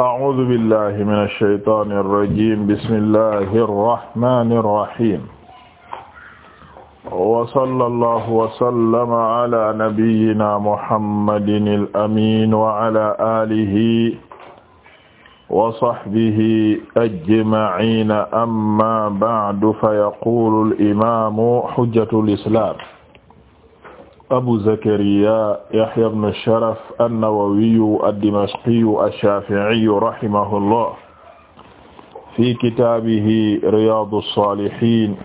أعوذ بالله من الشيطان الرجيم بسم الله الرحمن الرحيم وصلى الله وسلم على نبينا محمد الأمين وعلى آله وصحبه أجمعين أما بعد فيقول الإمام حجة الإسلام abu zakariya yahya ibn sharaf an-nawawiyu ad-dimashqiyu ash-shafi'iyu rahimahullah fi kitaabihi riyaadu saalihiin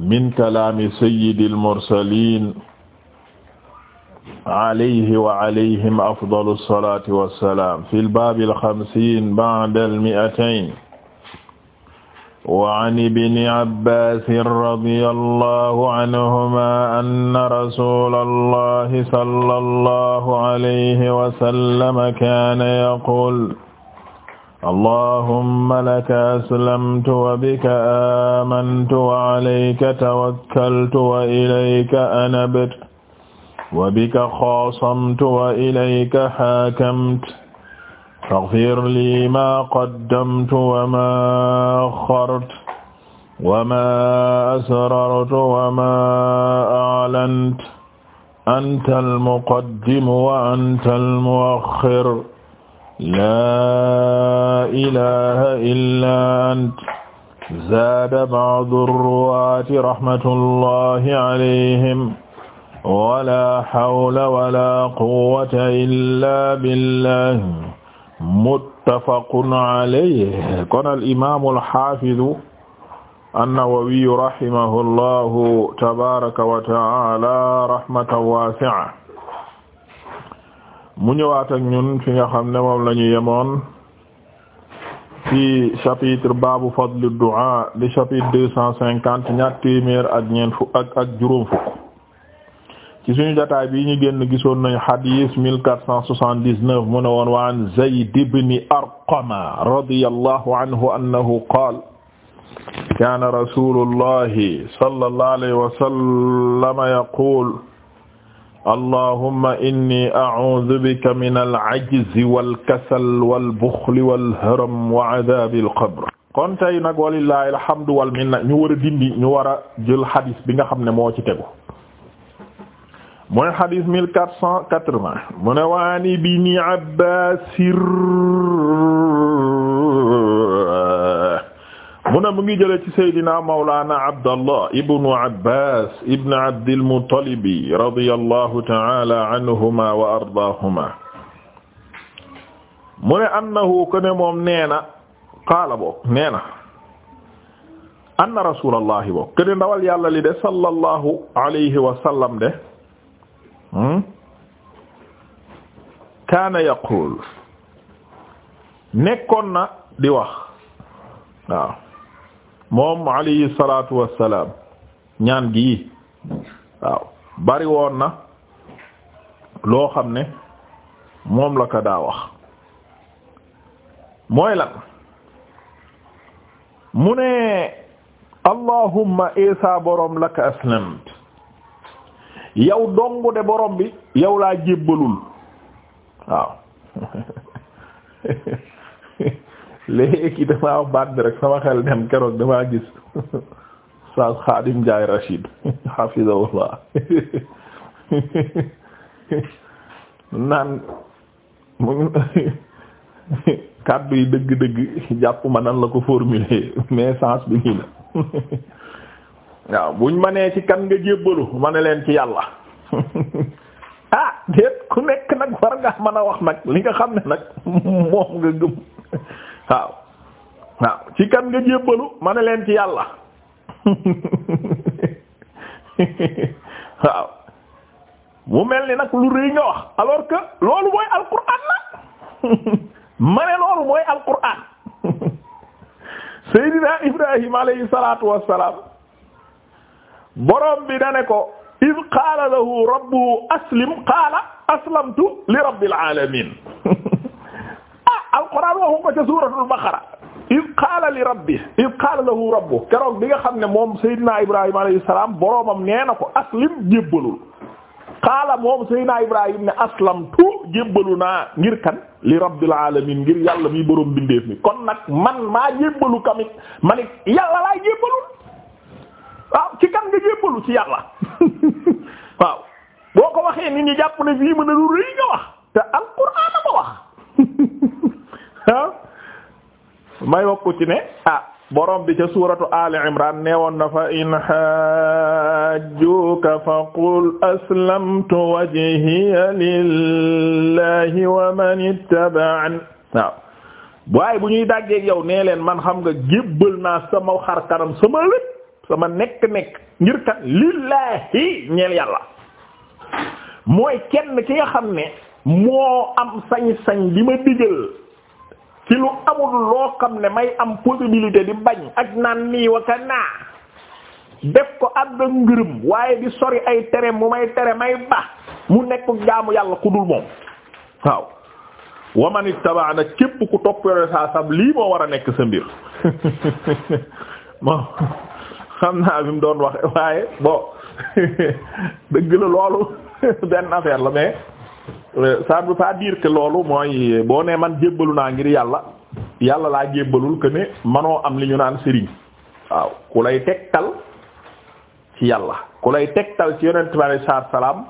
min kalaami sayyidil mursaliin alayhi wa alayhim afdalu salaati wa salaam fil baabil xamsiin ba'dal mi'atayn wa an ibni abbaasin radiyallahu anhumaa anna rasuulallahi sallallahu alayhi wa sallam kaana yaquul allahumma laka aslamtu wa bika aamantu wa alayka tawakkaltu wa ilayka anabtu wa bika xaasamtu wa ilayka haakamtu faghfir lii maa qaddamtu wa maa axxartu wa maa asrartu wa maa a'lantu antal muqaddimu wa antal mu'axxir laa ilaaha illaa anta zaada ba'du ruwaati rahmatullahi alayhim wa laa hawla wa laa quwwata illaa billah muttafaqun alayhi kon al imaamu al xaafidu an-Nawawiyu rahimahullahu tabaaraka wa ta'aala mu ñëwaat ak ñun fi nga xam ne moom la ñu yemoon ci chapitre baabu fadli du'a di chapitre deux ak ñeent fukk ci suñu jotaay bi ñu génn gisoon nañu hadith 1479 mu ne woon wa an Zayd ibn Arqama radiyallahu anhu annahu qaala kaana rasuulullahi sallallahu alayhi wa sallam yaquul allahumma inni a'uudhu bika min al-'ajzi wal-kasal wal-bukhli wal-haram wa 'adhaabi al-qabr kon tey nag walillahi alhamdu wal minna ñu war a dindi ñu war a jël hadith bi nga xam ne moo ci tegu mooy xadis mille quatre cent quatre-vingt mu ne waan ibni abbaasir mu ne mu ngi jële ci saydina mawlaana abdallah ibnu abbas ibn abdilmutalibi radiyallahu taala anhuma wa ardaahuma mu ne annahu ko ne moom nee na qaala boog nee na anna rasulallahi boog ko ne ndawal yàlla li de sallallahu alayhi wa sallam de Hmm? kaana yaqul nekkoon na di wax waaw moom alayhi salatu wassalam ñaan gi waaw bari woon na loo xam ne moom la ko daa wax mooy lan mu ne allahumma isa borom laka aslamtu yow dongu de borom bi yow laa jébbalul waaw léegi damaa baat bi rek sama xel dem keroog damaa gis saa Xaadim Njaay Rachid hafizahullah naan mu kàddu yi dëgg-dëgg jàpp ma nan la ko formuler mais sens bi nii la waaw buñ ma nee ci kan nga jébbalu ma ne leen ci yàlla ah déet ku nekk nag war nga mën a wax nag li nga xam ne nag moom nga gëm waaw waaw ci kan nga jébbalu ma ne leen ci yàlla waaw mu mel ni nag lu rëy nga wax alors que loolu mooy alquran la ma ne loolu mooy alquran Seydina Ibrahim alayhi salaatu wassalaam borom bi da ko id qaala lahu rabbuhu aslim qaala aslamtu li rabbil alamin ah alquran waxu ko ca baqara id qaala li rabbi id qaala lahu rabbuhu keroog bi nga xam ne moom sayyidina ibrahima alayhi salaam boroomam nee na ko aslim jébbalul qaala moom sayyidina ibrahim ne aslamtu jébbalu naa ngir kan li rabbil alamin yàlla mi boroom bindeef mi kon nag man maa jébbalu kamit manit yàlla laay jébbalul waaw ci kan nga jébbalu ci yàlla waaw boo ko waxee nit ñi jàpp ne fii mën a lu rëy nga wax te alquran a ko wax ah may wokku ne ah borom bi ca suuratu ali imran neewoon na fa in hajjuka fa qul aslamtu wajhiya lillahi wa man ittaba'an waaw waaye bu ñuy daggee yow nee leen man xam nga jébbal naa sama xar kanam sama lépp sama nekk-nekk ngir kat lillahi ñeel yàlla mooy kenn ki nga xam ne moo am sañ-sañ di ma digal ci lu amul loo xam ne may am possibilité di bañ ak naan nii wa naa def ko àdda ngërëm waaye di sori ay tere mu may tere may ba mu nekk jaamu yàlla ku dul moom waaw wa man ittaba'ana képp ku topp saa sab lii moo war a nekk sa mbir moom xam naa bi mu doon wax waaye bon dëgg la loolu benn affaire la mais euh, ça ne veut pas dire loolu mooy boo ne man jébbalu naa ngir yàlla yàlla laa jébbalul que manoo am li ñu naan sëriñ waaw ku lay tegtal ci yàlla ku lay tegtal ci yonent bi alei salaam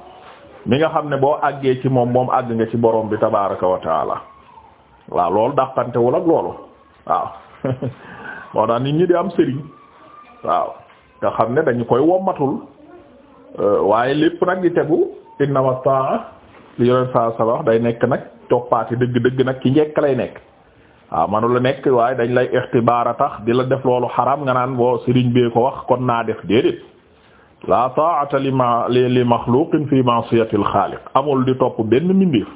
mi nga xam ne boo àggee ci moom moom àgg nga ci borom bi tabaraka wa taala waaw loolu dàqantewul ak loolu waaw moo tax nit ñi di am sëriñ waaw nga xam ne dañu koy wommatul euh, waaye lépp nag di tegu innama ta'a li yoneen saa sa wax day nekk nag toppaati dëgg-dëgg nag ci njekk lay nekk waaw manu la nekk waaye dañ lay ixtibaar a tax di la def loolu xaraam nga naan boo sëriñ bee ko wax kon naa def déedéet la ta'ata li ma li maxluqin fi ma'siyati al amul di topp benn mbindeef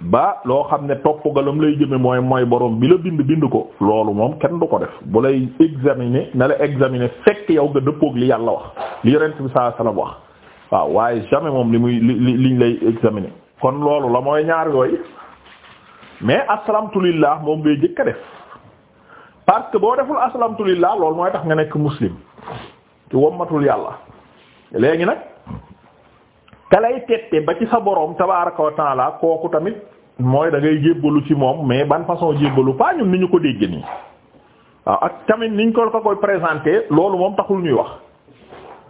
ba loo xam ne topp galam lay jëme mooy mooy boroom bi la bind bind ko loolu moom kenn du ko def bu lay examiner na la examiner fekk yow nga dëppoog li yàlla wax li yonent bi saa sallam wax waaw waaye jamais moom li muy li liñ lay examiner kon loolu la mooy ñaar yooyu mais aslamtu lillah moom ngay jëkk def parce que boo deful aslamtu lillah loolu mooy tax nga nekk muslim ci wommatul yàlla léegi nag ka lay tette ba ci sa boroom tabaaraka wa taala kooku tamit mooy da ngay jébbalu ci moom mais ban façon jébbalu pas ñun ni ñu ko dégg nii waaw ak tamit niñ ko ko koy présenté loolu moom taxul ñuy wax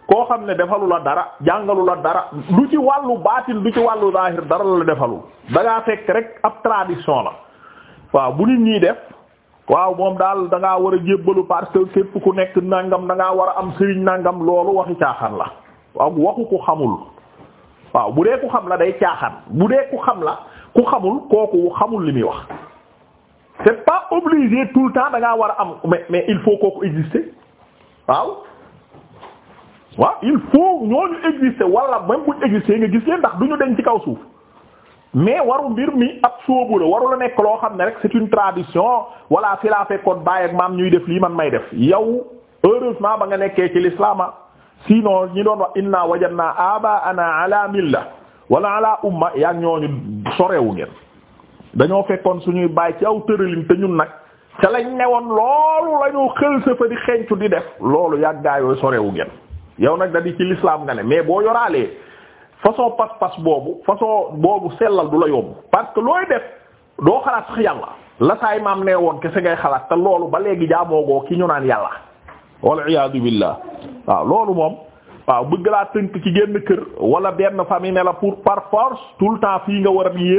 koo xam ne defalu la dara jàngalu la dara du ci wàllu baatin du ci wàllu zahir dara la defalul da fekk rek ab tradition la waaw bu nit ñiy def waaw moom daal da ngaa war a jébbalu parce que képp ku nekk nàngam da ngaa war a am sëriñ nangam loolu waxi caaxaan la waaw waxu ko xamul waaw bu dee ku xam la day caaxaan bu dee ku xam la ku xamul kooku xamul li muy wax c'est pas obligé tout le temps da ngaa war a am mais mais il faut kooku exister waaw waaw il faut ñooñu exister wala même buñ exister nga gis leen ndax duñu deñ ci kaw suuf mais waru mbir mi ab sóobu la waru la nekk loo xam ne rek c'est une tradition wala fi laa fekkoon baay ak maam ñuy def lii man may def yow heureusement ba nga nekkee ci l'islam ah. sinon ñi doon wax inna wajadna abaana ala milla wala ala umma yaa ñooñu sorewu ngeen dañoo fekkoon suñuy baay ci aw tëralin te ñun nag ca lañ newoon loolu la ñu xël fa di xencu di def loolu yàggaayooyu sorewu ngeen yow nag da di ci l'islam nga ne mais boo yoraalee façon pas-pas boobu façon boobu sellal du la yomb parce que looy def doo xalaat sax yàlla la maam nee woon kese ngay xalaat te loolu ba léegi jaamoogoo ki ñu naan yàlla wal iyaadu billah waaw loolu moom waaw bëgg laa tënk ci génn kër wala benn famille ne la pour par force tout le temps fii nga war a bi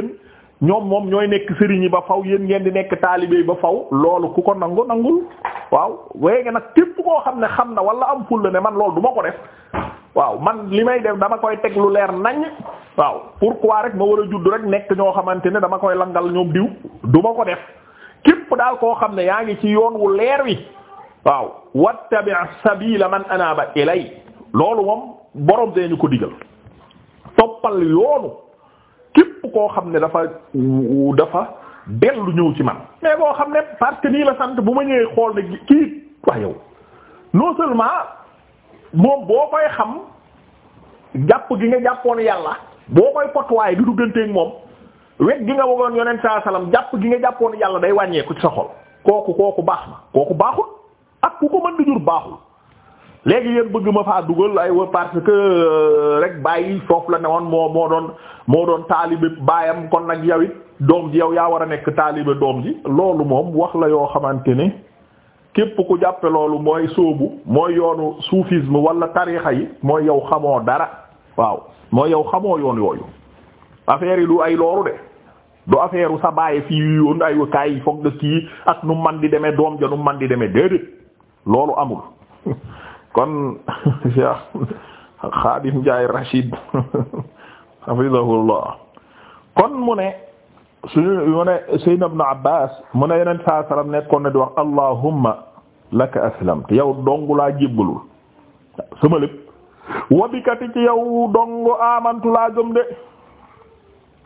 ñoom moom ñooy nekk sëriñ yi ba faw yéen ngeen di nekk taalibe yi ba faw loolu ku ko nangu nangul waaw wéyge nag képp koo xam ne xam na wala am ful ne man lool duma ko def waaw man li may def dama koy teg leer nañ waaw pour pourquoi rek ma war a judd rek nekk ñoo xamante ne dama koy langal ñoom diw du ma ko def képp daal koo xam ne yaa ngi ci yoon wu leer wi waaw wattabi' sabila man anaba ilay loolu moom borom dee ñu ko digal toppal yoonu képp koo xam ne dafa dafa dellu ñëw ci man mais koo xam ne parce que nii la sant bu ma ñëwee xool ne kii wax yow non seulement moom boo koy xam jàpp gi nga jàppoon yàlla boo koy potuwaay di dugganteeg moom wet gi nga wagoon yonent saa salaam jàpp gi nga jàppoon yàlla day wàññeeku ci sa xol kooku kooku baax na kooku baaxut ak ku ko mën di jur baaxul léegi yéen bëgg ma faa dugal ay wa parce que euh, rek bàyyi foofu la ne woon moo moo doon moo doon taalibe baayam kon nag yow doom ji yow yaa war a nekk taalibe doom ji loolu moom wax la yoo xamante ni képp ku jàppe loolu mooy sóobu mooy yoonu suufism walla tarixa yi mooy yow xamoo dara waaw mooy yow xamoo yoon yooyu affaire yi du ay loolu de du affaire sa bàyyi fii yoon ay kaay foog nga kii ak nu man di demee doom ja nu man di demee déedéet loolu amul kon Cheikh Khadim Ndiaye Rachid kon mu ne suñu mu ne Sayyidina Ibn Abbas mu ne yeneen saa salaam nekkoon na di wax allahumma laka aslamtu yow dong laa jébbalul sama lépp wabikati ci yow dong amantu laa gëm de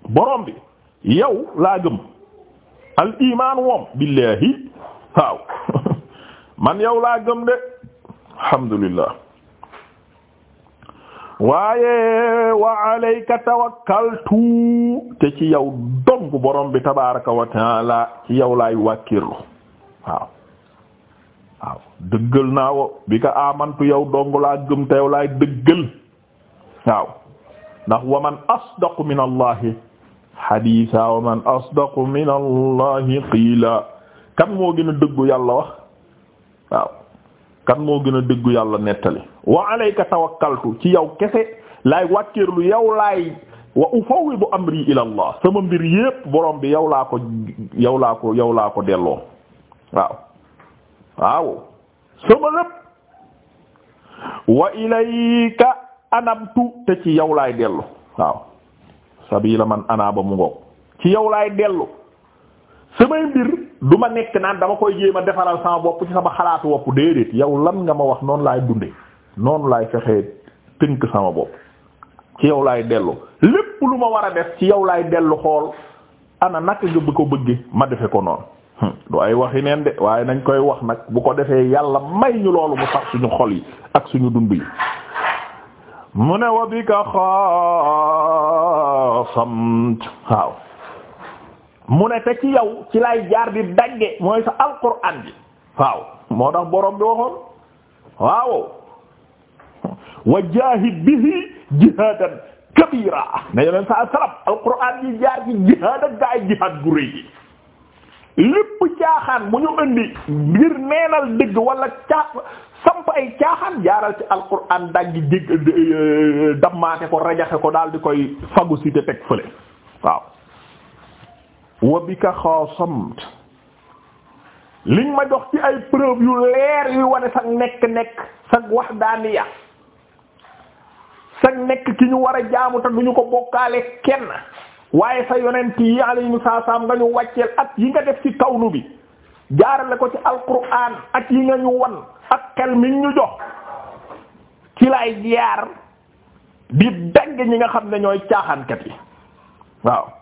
borom bi laa gëm al imaan woom billahi waaw man yow laa gëm de alhamdulillah waaye wa alayka tawakkaltu te ci yow dong borom bi tabaraka wa taala ci yow laay wàkkirlu waaw waaw dëggal naa wo bi ka amantu yow dong laa gëm te yow laay dëggal waaw ndax wa man asdaqu min allahi haditha wa man asdaqu min allahi qiila kan moo gën a dëggu yàlla wax waaw kan moo gën a dëggu yàlla nettali wa alayka tawakkaltu ci yow kese laay wàkkiirlu yow laay wa ufawwidu amri ila sama mbir yépp borom bi yow laa ko yow laa ko yow laa ko delloo waaw waaw sama lépp wa anabtu te ci yow laay dellu waaw sabila man anaba mu ngoog ci yow laay dellu samay mbir du ma nekk naan dama koy jéem a defaral sama bopp ci sama xalaatu bopp déedéet yow lan nga ma wax noonu laay dunde noonu laay fexee tënk sama bopp ci yow laay dellu lépp lu ma war a def ci yow laay dellu xool ana naka nga bu ko bëgge ma defe ko noonu du ay waxi neen de waaye nañ koy wax nag bu ko defee yàlla may ñu loolu mu sax suñu xol yi ak suñu dund yi mu ne wa bika xaasamt waaw mu ne te ci yow ci lay jaar di dagge mooy sa alquran bi waaw moo tax borom bi waxoon waaw wa bihi jihaadan kabira ne yoneen sa salab alquran bi jaar ci jihaad ak gaay jihaad gu rëy lépp caaxaan bu ñu indi ngir neenal dëgg wala caa samp ay caaxaan jaaral ci alquran daggi dégg dammaate ko rajaxe ko daal di koy phagocyté teg fële waaw wa bika xaasamt ma jox ci ay preuve yu leer yu wane sag nekk-nekk sag wahdaaniya sag nekk ki ñu war a jaamu te ñu ko bokkaale kenn waaye sa yonent yi alayhimu salaam nga ñu wàcceel ak yi nga def ci kawnu bi jaarale ko ci alquran ak yi nga ñu wan ak xel mi ñu jox ci laay jaar di dagg ñi nga xam ne ñooy caaxaankat yi waaw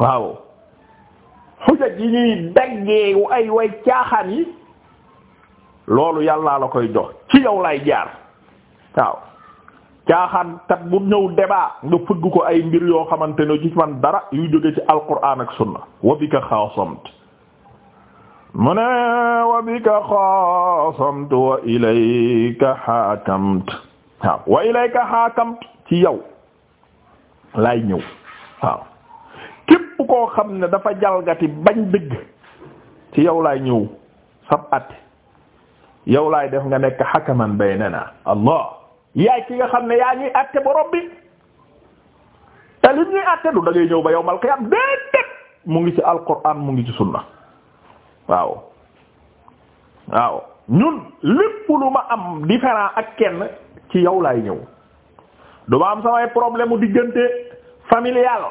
waaw xujaj yi ñuy daggee ay way caaxaan yi loolu yàllaa la koy jox ci yow lay jaar waaw caaxaan kat bu ñëw débat nga fëgg ko ay mbir yoo xamante ne ci man dara yu jóge ci alquran ak sunna wa bika xaasamt mu ne wa bika xaasamt wa ilayka xaakamt waaw wa ilayka xaakamt ci yow lay ñëw waaw képp koo xam ne dafa jalgati bañ dëgg ci yow laay ñëw sab àtte yow laay def nga nekk hakaman baynana allah yaay ki nga xam ne yaa ñuy àtte borom bi te li ñuy àtte du da ñëw ba yawmal qiyaam déedéet mu ngi ci alquran mu ngi ci sunna waaw waaw ñun lépp lu ma am différent ak kenn ci yow laay ñëw du ma am samay problème diggante familial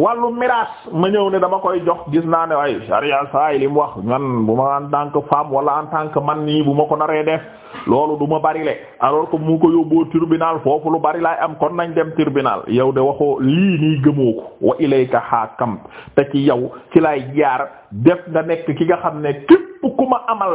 wàllu miraas ma ñëw ne dama koy jox gis naa ne ay sariya saa yi mu wax man bu ma en tant que femme wala en tant que man nii bu ma ko naree def loolu du ma bari le alors que mu ko yóbboo tribunal foofu lu bari laay am kon nañ dem tribunal yow de waxoo lii nii gëmoo ko wa ilayka haakam te ci yow kilay lay jaar def nga nekk ki nga xam ne képp ku ma amal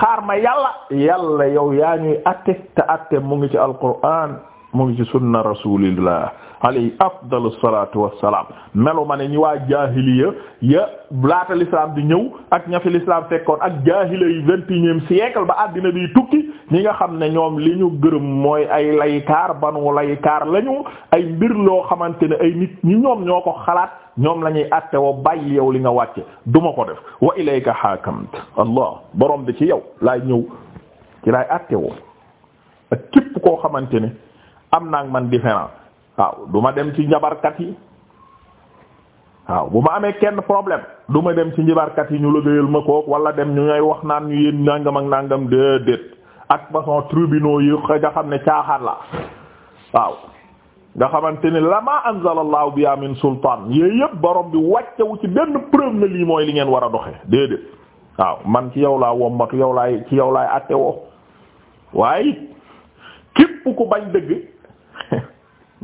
xaar ma yàlla yàlla yow yaa ñuy atte te atte mu ngi ci alquran mu ngi ci sunna rasulillah alayhi afdalu salatu wassalam melu ma ne ñi waa jaahiliya ya laata l'islam di ñëw ak ña fi l'islam fekkoon ak jaahiliya yi vingt et unième siècle ba àddina bi tukki ñi nga xam ne ñoom li ñu gërëm mooy ay laykaar banu laykaar lañu ay mbir loo xamante ne ay nit ñi ñoom ñoo ko xalaat ñoom lañuy ñuy àtte wa bàyyi yow li nga wàcce duma ko def wa ilayka hakamt allah borom bi ci yow laay ñëw ci laay àtte woo ak képp koo xamante ne am naag man différence waaw duma dem ci njabarkat yi waaw bu ma amee kenn problème duma dem ci njabarkat yi ñu lëgëyal ma kook wala dem ñu ngay wax naan ñu yéen nangam ak nangam déedéet ak façon tribunaux yi nga xam ne caaxaan la waaw nga xamante ni lama anzalallahu biha min sultaan yooyu yëpp borom bi wàccewu ci benn preuve lii mooy li ngeen war a doxe déedéet waaw man ci yow laa wommatu yow laay ci yow laay àtte woo waaye képp ku bañ dëgg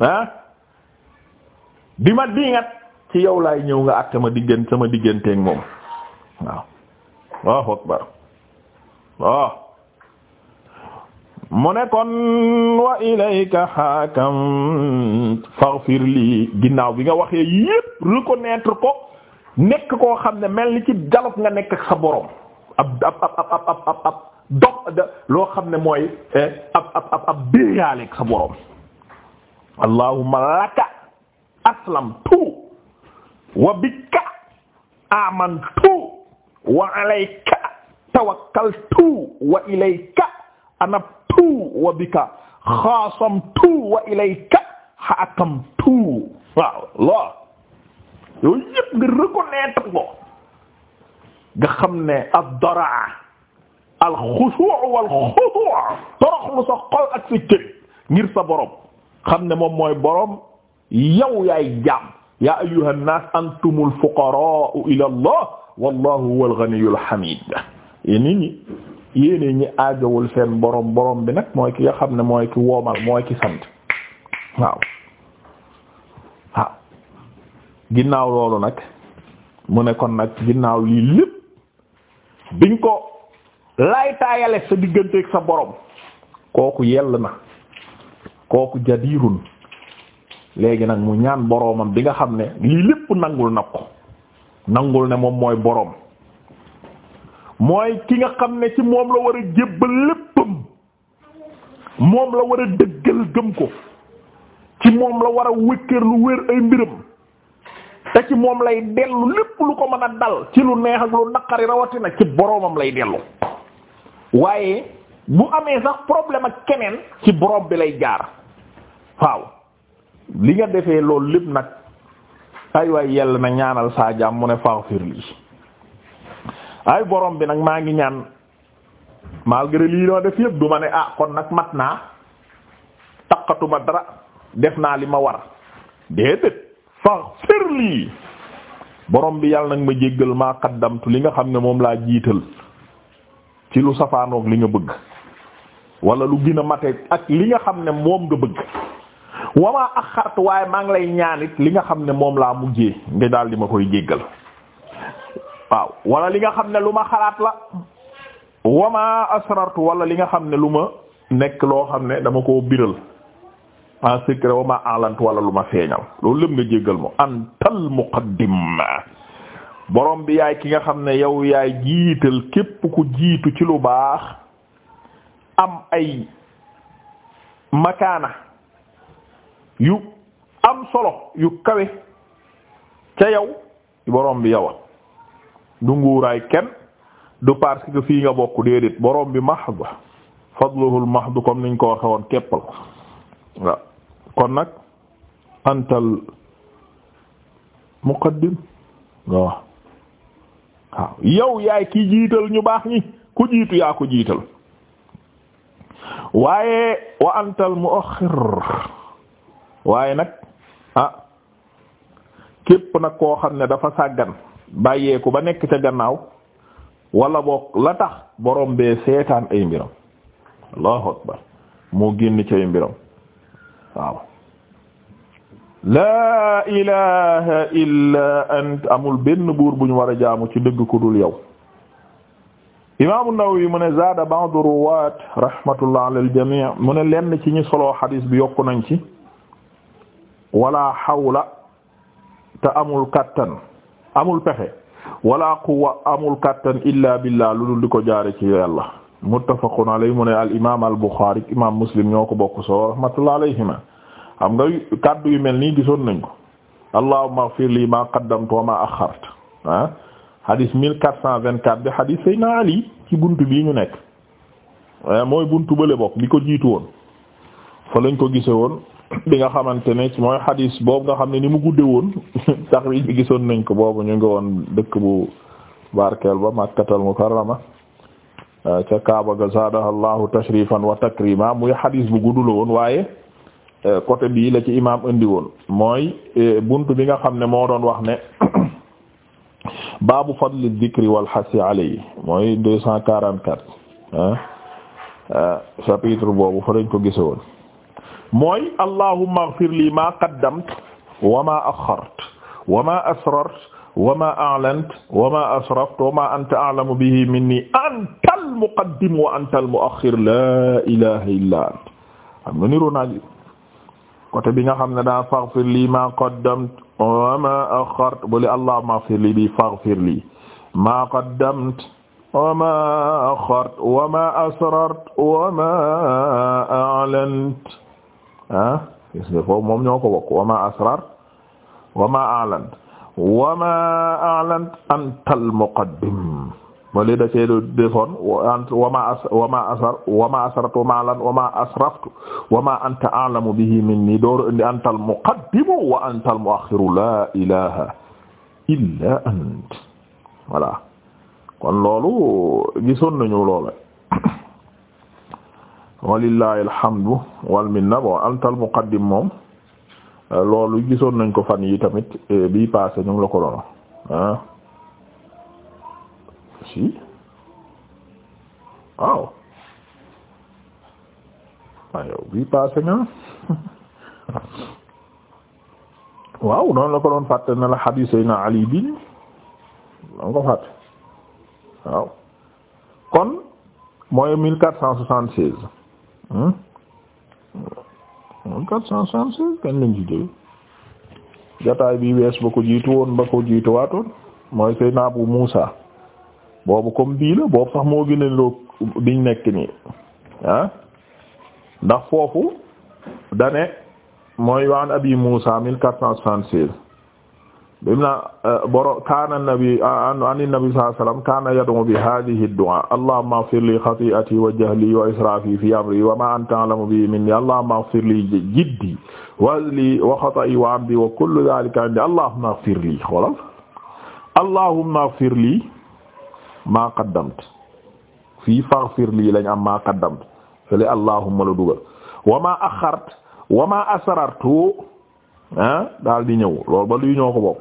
ah di ma diingat ci yow laay ñëw nga àtte ma diggante sama digganteeg moom waaw Allahu akbar waaw mu ne kon wa ilayka hakam faghfir lii ginnaaw bi nga waxee yépp reconnaître ko nekk koo xam ne mel ni ci dialogue nga nekk ak sa borom ab ab ab ab ab ab dox loo xam ne mooy eh, ab ab ab ab béyaaleeg sa borom allahumma laka aslamtu wa bika amantu wa alayka tawakkaltu wa ilayka anabtu wa bika xaasamtu wa ilayka hakamtu waaw lool yooyu yëpp nga reconnaître ko nga xam ne ad-daraa al-xusuu' wal-xudu' toroxlu sa xol ak sa cër ngir sa borom xam ne moom mooy boroom yow yaay jaam yaa ayyuha an-naas antumul fuqaraa'u ila Allah wallahu huwal ghaniyyul hamiid yéen nit ñi yéenee ñi aajowul seen boroom bi nag mooy ki nga xam ne mooy ki woomal mooy ki sant ginnaaw loolu nag mu ne kon nag ginnaaw lii lépp biñ ko laay sa digganteeg sa boroom kooku yell na kooku jadirun léegi nag mu ñaan boroomam bi nga xam ne lii lépp nangul nag ko nangul ne moom mooy boroom mooy ki nga xam ne ci moom la war a jébbal léppam moom la war a dëggal gëm ko ci moom la war a wékkër lu wér ay mbiram te ci moom lay dellu lépp lu ko mën a dal ci lu neex ak lu naqari rawatina ci boroomam lay dellu waaye bu amee sax problème ak keneen ci boroom bi lay jaar waaw li nga defee loolu lépp nag ay waay yell na ñaanal saa jaam mu ne faghfir li ay borom bi nag maa ngi ñaan malgré lii doo def yëpp du ma ne ah kon nag mat naa taqatuma dara def naa li ma war déedéet faghfir lii borom bi yàlla nag ma jéggal maa qaddamtu li nga xam ne moom laa jiital ci lu safaanoog li nga bëgg wala lu gën a mate ak li nga xam ne moom nga bëgg wamaa ak xart waaye maa ngi lay ñaanit li nga xam ne moom laa mujjee nga daal di ma koy jéggal waaw wala li nga xam ne lu ma xalaat la wamaa asrartu wala li nga xam ne lu ma nekk loo xam ne dama koo biral en secret wamaa wala lu ma feeñal loolu lépp nga jéggal mo antal muqaddim borom bi yaay ki nga xam ne yow yaay jiital képp ku jiitu ci lu baax am ay makaana yu am solo yu kawe ca yow borom bi yow du nguuraay kenn du parce que fii nga bokk déedéet borom bi mahd fadluhul mahd comme niñ ko waxe woon kon nag antal muqaddim waaw yow yaay ki jiital ñu baax ñi ku jiitu yaa ko jiital waaye wa antal muakhir waaye nag ah képp nag koo xam ne dafa sàggan bàyyeeku ba nekk ca gannaaw walla boog la tax boroom bee seetaan ay mbiram allahu akbar moo génn ci ay mbiram waaw laa ilaha illa ant amul benn buur bu ñu war a jaamu ci dëgg ku dul yow imaamu Nawawi mu ne zaada ba'du ruwaat rahmatullah ala al mu ne lenn ci ñu solo xadiis bi yokku nañ ci wala xawla te amul kattan amul pexe wala quwwa amul kattan illa billah lu dul di ko jaare ci yàlla muttafaqun alayhi mu ne al al buxaari imam muslim ñoo ko bokk solo rahmatullah alayhima xam nga kaddu yu mel nii gisoon nañ ko allahumma ighfir li ma qaddamtu wa ma axxartu ah hadis 1424 bi hadis sayna ali ci bunt bii ñu nekk eh, mooy buntu bële bokk bi ko jiitu woon fa lañ ko gise woon bi nga xamante ne mooy xadiis boobu nga xam ne ni mu gudde woon taxrij bi gisoon nañ ko boobu ñu ngi woon dëkk bu barkeel ba Makkatal Mukarrama euh, ca Kaaba ga zaadaha Allahu tashrifan wa takrima muy xadiis bu gudd la woon waaye euh, côté bii la ci imaam indi woon mooy euh, bunt bi nga xam ne moo doon wax ne baabu fadli dhikri wal hasi alayhi mooy deux cent quarante-quatre chapitre boobu fa lañ ko gise woon mooy allahumma ighfir li ma qaddamt wa ma axxart wa ma asrart wa ma a'lant wa ma asraft wa ma anta a'lamu bihi minni antal muqaddim wa antal mu'akhir la ilaha illa ant xam nga niroo naa côté bi nga xam ne daa faghfir li ma qaddamt wa ma axxart bali allahumma ighfir li bi faghfir li ma qaddamt wa ma axxart wa ma asrart wa ma a'lant ah gis nga foofu moom ñoo ko bokk wama asrar wama a'lan wama a'lan antal muqaddim wala da cee defoon wama as wama asar wama asaratu wama a'lan wama asraftu wama anta a'lamu bihi minni door indi antal muqaddimu wa antal mu'akhkhiru la ilaha illa ant voilà kon loolu gisoon nañu loola walillahi alhamdu wal minna bon antal muqaddim moom euh, loolu gisoon nañ ko fan yi tamit euh, bii passé ñu ngi la ko doon si waaw ayow ah, bii passé waaw noonu la ko doon fàtte na la xadiis yi ali bi noonu ko fàtte waaw kon mooy mille quatre cent soixante-seize quatre cent soixante-seize kan lañ ci jóge jataay bi wees ba ko jiitu woon ba ko jiitu waatoon mooy Seydina Abu Muusa boobu comme bii la boobu sax moo gën a loo biñ nekk nii ah ndax foofu dane mooy waan Abi Muusa mille quatre cent soixante-seize bim na eh, boro kaana nabi ani nabi sallallahu alayhi wasallam kaana yad'u bi hadhihi ad-du'a allahumma ighfir li khati'ati wa jahli wa israfi fi amri wa ma anta a'lamu bihi minni allahumma ighfir li jiddi wa hazli wa khata'i wa 'amdi wa kullu dhalika 'indi allahumma ighfir li xoolal allahumma ighfir li ma qaddamtu fii faghfir li lañ am ma qaddamtu fele allahumma la dugal wa ma akhartu wa ma asrartu ah daal di ñëw loolu ba luy ñoo ko bokk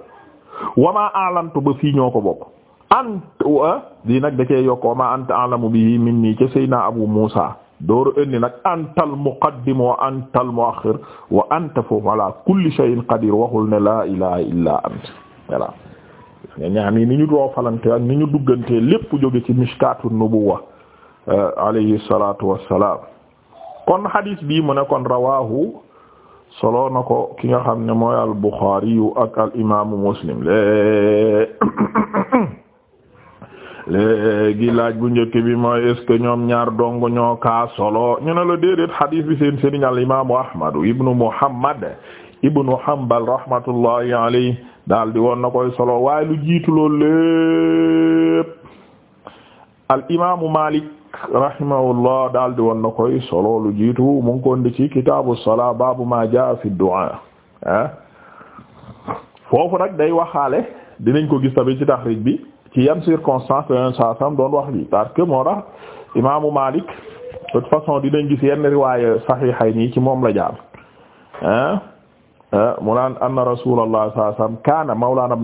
wama alantu ba fii ñoo ko bokk ant di nag da cee yokk wama anta alamu bi min nii ca Seydina Abu Muusa dooru indi nag antal muqaddim wa antal muaxir wa anta foofu ala kulli shay'in qadir waxul ne laa ilaha illa ant voilà nga ñaan yi ni ñu doo falante jóge ci mishkaatu nubuwa euh, alayhi salatu wassalam kon hadis bi mu ne kon rawahu solo na ko ki nga xam ne mooy al Bukhari yu ak al Muslim lée léegi laaj bu njëkk bi mooy est ce ñoom ñaar dong ñoo kaa solo ñu ne la déedéet hadis bi seen sëriñ al imaamu Ahmadu ibnu Muhammad ibnu Hanbal rahmatullahi alayhi daal di woon na koy solo waaye lu jiitu loolu lépp rahimahullah daal di woon na koy solo lu jiitu mu ngi ko indi ci kitaabu salaa baabu ma jaa fi du'a ah foofu nag day waxaale dinañ ko gis tamit ci taxrij bi ci yan circonstance la saa sam wax bi parce que moo tax imaamu Malik de toute façon dinañ gis yenn riwaaye saxiixay nii ci moom la jaar ah, ah. mu naan anna rasulallah sallallahu alayhi wasallam kaana mawlaana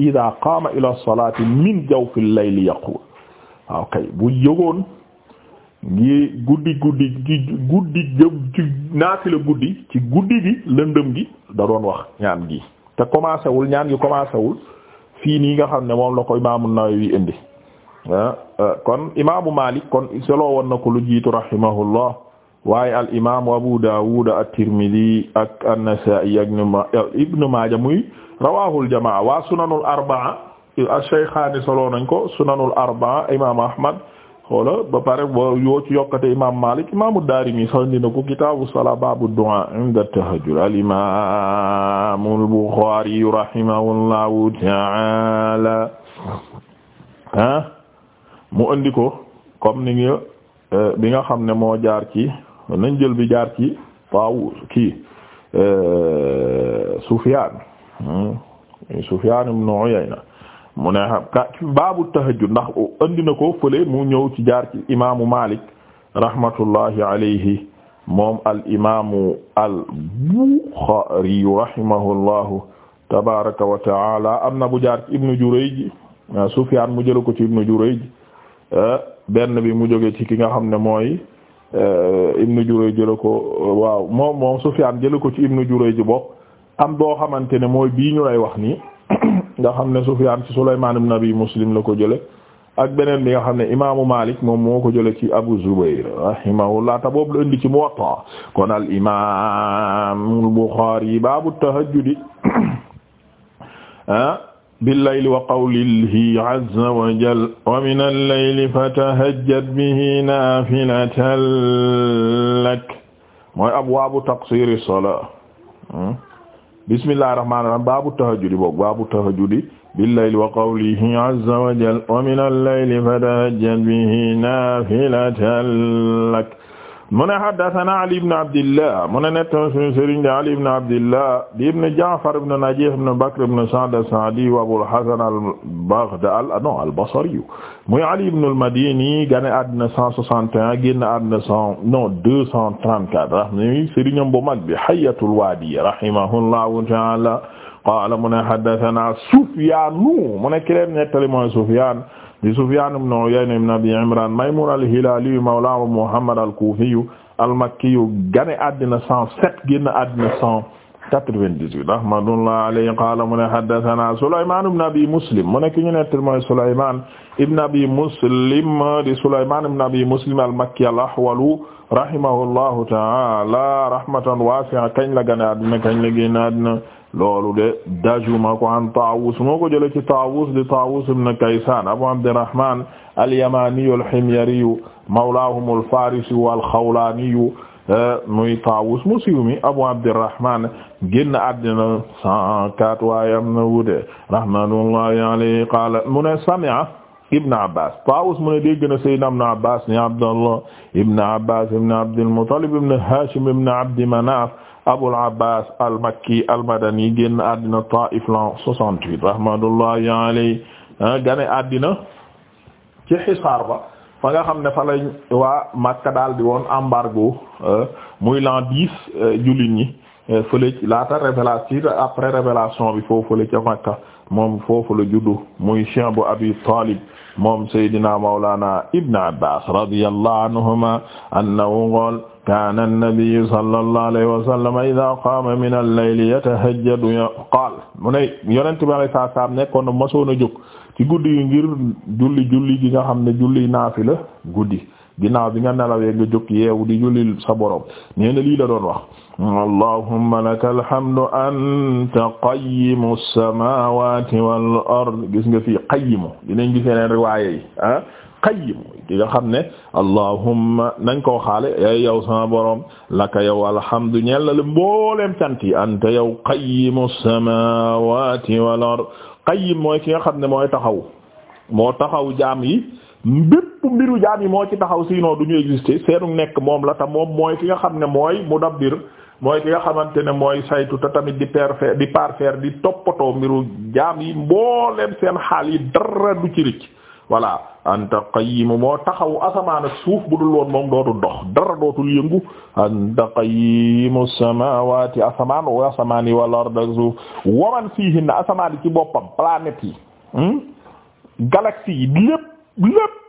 ibn waaw kay bu yëgoon ngi guddi guddi guddi jëm ci guddi ci guddi gi lëndëm gi da doon wax ñaan gi te commencé wul ñaan gi commencé wul fii nii nga xam ne moom la ko imaamu Nawawi indi ah, ah, kon imaamu Maalik kon solo woon na ko lu jiitu rahimahullah waaye al imaamu Abu Daawud at-Tirmidhi ak an-Nasaa'i ak Ibn Maaja muy rawaahul jamaa waa sunanul arbaa ash-Shaykhaani solo nañ ko sunanul arbaa imaam Ahmad xoola ba pare boo yoo ci yokkate imaam Maalik imaamu Daarimi sax dina ko kitaabu salaa baabu du'aa inda tahajjud al imaamul Buxaari rahimahullahu ta'aala ah mu andi ko comme ni nga eh, bi nga xam ne moo jaar ci nañ jël bi jaar ci Taawus kii eh, Sufyaan hmm? Sufyaan ibn mu ne ka baabu tahajjud ndax andi na ko fële mu ñëw ci jaar ci imaamu Malik rahmatullahi alayhi moom al imaamu al Bukhari rahimahullahu tabaraka wa am na bu jaar ci Ibnu Jurayj ah, Sufyaan mu jël ko ci Ibnu Jurayj ah, benn bi mu jóge ci ki nga xam ne mooy ah, Ibnu Jurayj jël ko waaw moom moom Sufyaan jël ko ci Ibnu Jurayj bo am doo xamante ne mooy bii ñu lay wax nii nga xam ne Sufyaan ci Sulaymaan ibn Abi Muslim la ko jële ak beneen bi nga xam ne imaamu Malik moom moo ko jële ci Abu Zubayr rahimahullah ta boobu la indi ci Muwatta kon al imaam al-Bukhari baabu tahajjudi ah, billayli wa qawlihi azza wa jalla wa mina al-layli fatahajjad bihi naafilatan lak mooy abwaabu taqsiiri as-salaat hmm? bismillahir rahmanir rahim baabu tahajjudi boog baabu tahajjudi billayli wa qawlihi azza wa jalla wa minal layli fatahajjad bihi naafilatan lak mu ne haddathana Ali ibn Abdillah mu ne nettan suñu sëriñ de Ali ibn Abdillah di ibn Ja'far ibn Najih ibn Bakr ibn Sa'd as-Sa'di wa Abul Hasan al-Baghdadi ah non al-Basri muy Ali ibn al-Madini gane àddina 161 génn àddina 100 non 234 ah, muy sëriñam bu mag bi Hayyatul Wadi rahimahullahu ta'ala qaala mu ne haddathana Sufyan mu ne ki leen nettali mooy Sufyan di Sufyaan ibn Uyayna ibn Abi Imraan Maymuun al-Hilaali mawla Muhammad al-Kuufi al-Makki gane àddina 107 génn àddina 198 rahmatullahi alayhi qaala mu ne haddathanaa Sulaymaan ibn Abi Muslim mu nekk ñu nettal mooy Sulaymaan ibn Abi Muslim di Sulaymaan ibn Abi Muslim al-Makki al-Ahwalu rahimahullahu ta'aala rahmatan waasi'a kañ la gane àddina kañ la génn àddina loolu de dajuma ko an Taawus moo ko jëlee ci Taawus di Taawus ibn Kaysaan Abu Abdirrahmaan al-Yamaaniyu al-Himyariyu mawlaahum al-Faarisiyu al-Xawlaaniyu eh, muy Taawus mu siiw mi Abu Abdirrahmaan génn àddina cent quatre waaye am na wuute rahmatullahi alayhi qaala mu ne sami'a Ibn Abbas Taawus mu ne dégg na Sayyidina Ibn Abbas ni Abdallah Ibn Abbas ibn Abdil Muttalib ibn Haashim ibn Abdi Manaaf Abul Abbas al-Makki al-Madani génn àddina Taif l'an 68 rahmatullahi alayhi ah, gane àddina ci xisaar ba fa nga xam ne fa lañ Makka daal di woon embargo ah, muy l'an 10 eh, jullit ñi eh, fële laata révélation après révélation bi foofu fële ca Makka moom foofu la juddu muy Cheikh bu Abi Talib moom Seydina Mawlana Ibn Abbas radiyallahu anhuma annahu qala kaana annabiyu sallallahu alayhi wa sallam idaa qaama min al-layli yatahajjadu qaal mu ne yonent bi alayhi salaam nekkoon na mosoon a jóg ci guddi yi ngir julli julli gi nga xam ne julli naafila guddi ginnaaw bi nga nelawee nga jóg yeewu di julli sa borom nee na lii la doon wax allahumma lakal hamdu anta qayyimu samaawaati wal ard gis nga fii qayyimu dinañ gisee leen riwaaya yi ah qayyimu yi nga xam ne allahumma nañ koo xaale ay yow sama borom laka yow alhamdu ñella le mbooleem cant yi anta yow qayyimu samawati wal ard qayyim mooy ki nga xam ne mooy taxaw moo taxaw jaam yi bépp mbiru jaam yi moo ci taxaw sinon du ñu exister seenu nekk moom la moom mooy ki nga xam ne mooy mudabbir mooy ki nga xamante ne mooy saytu te tamit di parfaire di parfaire di toppatoo mbiru jaam yi mbooleem seen xaal yi dara du ci ricc voilà anta qayyim moo taxaw asamaan ak suuf bu dul woon moom dootul dox dara dootul yëngu anta qayyimu samawati asamaan wa asamaan yi wal ard suuf waman fiihinna asamaan yi ci boppam planètes yi hmm? galaxies yi lépp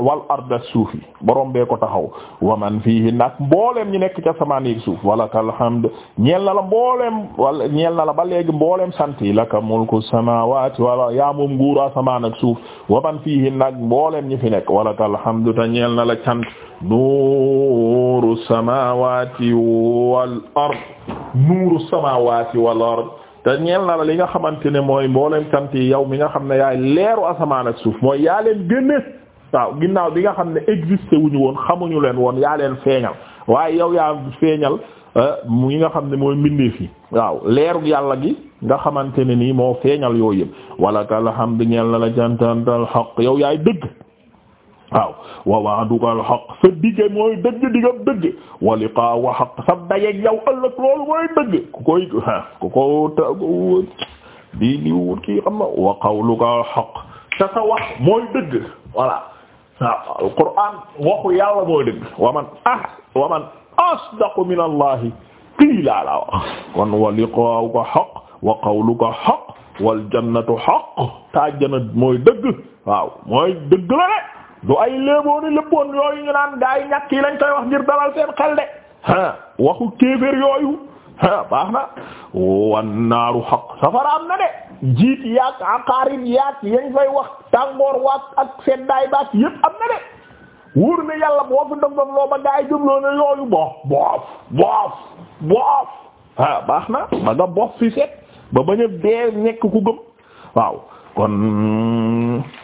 wal arda suuf yi borom bee ko taxaw wa man fiihi nak mbooleem ñi nekk ca samaan yi suuf walaka alhamd ñeel na la mbooleem wala ñeel na la ba léegi mbooleem sant yi laka mulku samawati wala yaa moom nguur asamaan ak suuf wa man fiihi nak mbooleem ñi fi nekk walaka alhamdu te ñeel na la cant nuuru samawati wal nuuru samawati wal ard te na la li nga xamante ne mooy mbooleem sant yi yow mi nga xam ne yaay leeru asamaan ak suuf mooy yaa leen génne waaw ginnaaw bi nga xam ne existé wuñu woon xamuñu leen woon yaa leen feeñal waaye yow yaa feeñal euh, mu nga xam ne mooy mbindeef yi waaw leerug yàlla gi nga xamante ne nii moo feeñal yooyu yëpp walaka alhamdu ñeel na la jantantal xaq yow yaay dëgg waaw wa wa'duka alxaq sa digge mooy dëgg diggam dëgg wa liqa'u xaq sa dajeek yow ëllëg loolu mooy dëgg ku koy ku ko di di wut kii xam na wa qawluka alxaq te sa wax mooy dëgg voilà waaw alquran waxu yàlla mooy dëgg waman ah waman asdaqu min allahi qiila la wax kon wa liqaa'uka haqq wa qawluka haqq wal jannatu haqq tajjana mooy dëgg waaw mooy dëgg la de du ay léebooni léppoon yooyu ñu naan gaa yi ñàkk yi lañ koy dalal seen xel de ah waxu kéeféer yooyu baax na wannaaru xaq safara am na de jiit yaag aqaarib yaag yañ fay wax tàngoor waag ak seddaay baag yépp am na de wóor na yàlla boo fi dog dog loo ba yooyu boof boof boof boof ah baax na ba boof fi seet ba bañ a nekk ku gëm waaw kon